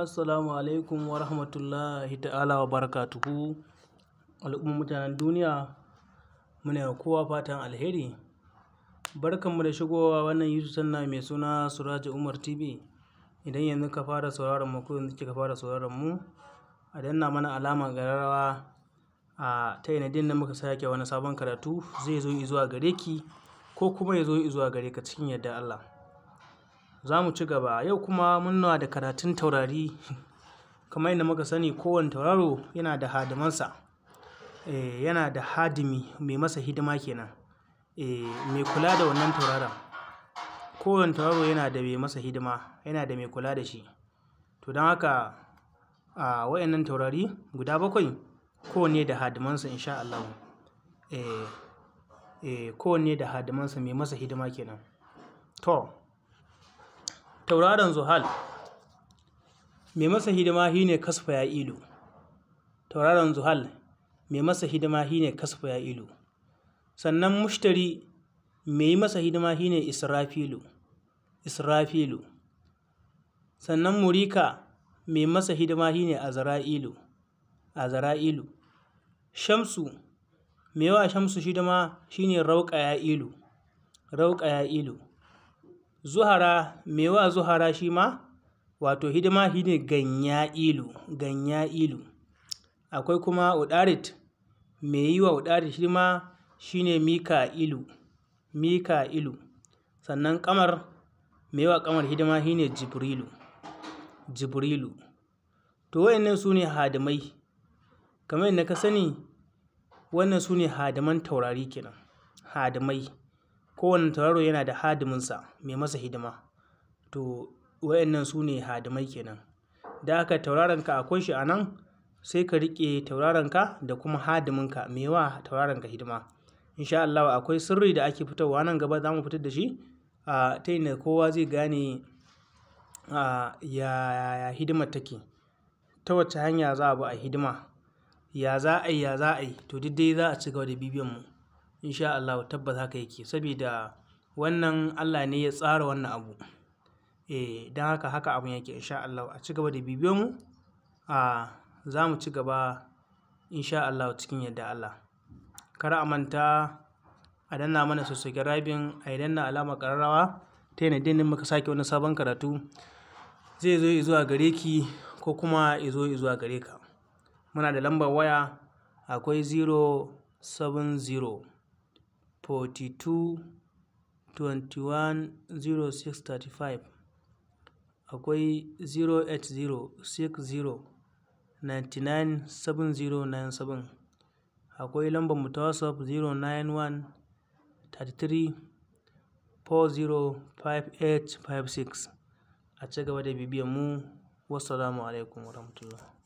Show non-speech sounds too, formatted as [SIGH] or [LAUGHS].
Assalamu alaikum wa rahmatullahi ta'ala wa barakatuhu al'ummar mutanen duniya muna kowa fatan alheri barkanmu da shigowa wannan su sanna mai suna suraji Umar TV idan yanzu ka fara sauraron mu ko yanzu kika fara sauraron mu a danna mana alama gararawa a ta yanadin da muka sake wani sabon karatu zai zo zuwa gare ki ko kuma ya zo zuwa gare ka cikin yadda Allah za mu ci gaba yau kuma muna da karatun taurari [LAUGHS] kamar yadda muka sani kowane tauraro yana da hadimansa eh, yana da hadimi mai masa hidima kenan eh, mai kula da wannan tauraron kowane tauraro yana da mai masa hidima yana da mai kula da shi to don haka a wayannan taurari guda bakwai kowanne da hadimansa insha Allah kowane eh, kowanne da hadimansa mai masa hidima kenan to tauraron zuhal mai masa hidima shi ne kasfa ya ilu tauraron zuhal mai masa hidima shi ne kasfa ya ilu sannan mushtari mai masa hidima shi ne israfilu israfilu sannan murika mai masa hidima shi ne azara'ilu azara'ilu shamsu mai yawa shamsu hidima shi ne rauƙa ya ilu rauƙa ya ilu Zuhara, mai wa Zuhara shi ma, wato hidima shi ne ganya ilu, ganya ilu. Akwai kuma udarit mai yi wa Uɗarit hidima shi ne Mika-ilu? Mika-ilu. Sannan kamar mai wa kamar hidima shi ne Jibrilu, Jibrilu. To waɗannan su ne hadimai. Kamar yadda ka sani, wannan su ne hadiman taurari kenan, hadimai. kowane tauraro yana da hadiminsa mai masa hidima to wayannan su ne hadimai kenan da aka tauraron ka akwai shi a nan sai ka riƙe ka da kuma hadiminka mai wa tauraronka hidima insha Allah akwai sirri da ake fitowa nan gaba za mu fitar da shi ta inda kowa zai gane ya hidima take ta wacce hanya za a bi a hidima ya za a yi ya za a yi to duk dai za a ci gaba da bibiyan mu in sha Allahu tabbas haka yake. saboda wannan Allah ne ya tsara wannan abu. Eh, dan haka haka abun yake in sha A ci gaba da bibiyo mu, a za mu ci gaba in sha cikin yadda Allah. Kar a manta a danna mana subscribing, a danna alamar ƙararrawa ta yanda dinin muka sake wani sabon karatu zai zo zuwa gare ki ko kuma izo zuwa gare ka. Muna da lambar waya akwai 070. 42 21 Akwai 08060 Akwai lambar mu ta 091 33 40 A cigaba da bibiyan mu. Wassalamu alaikum rahmatullah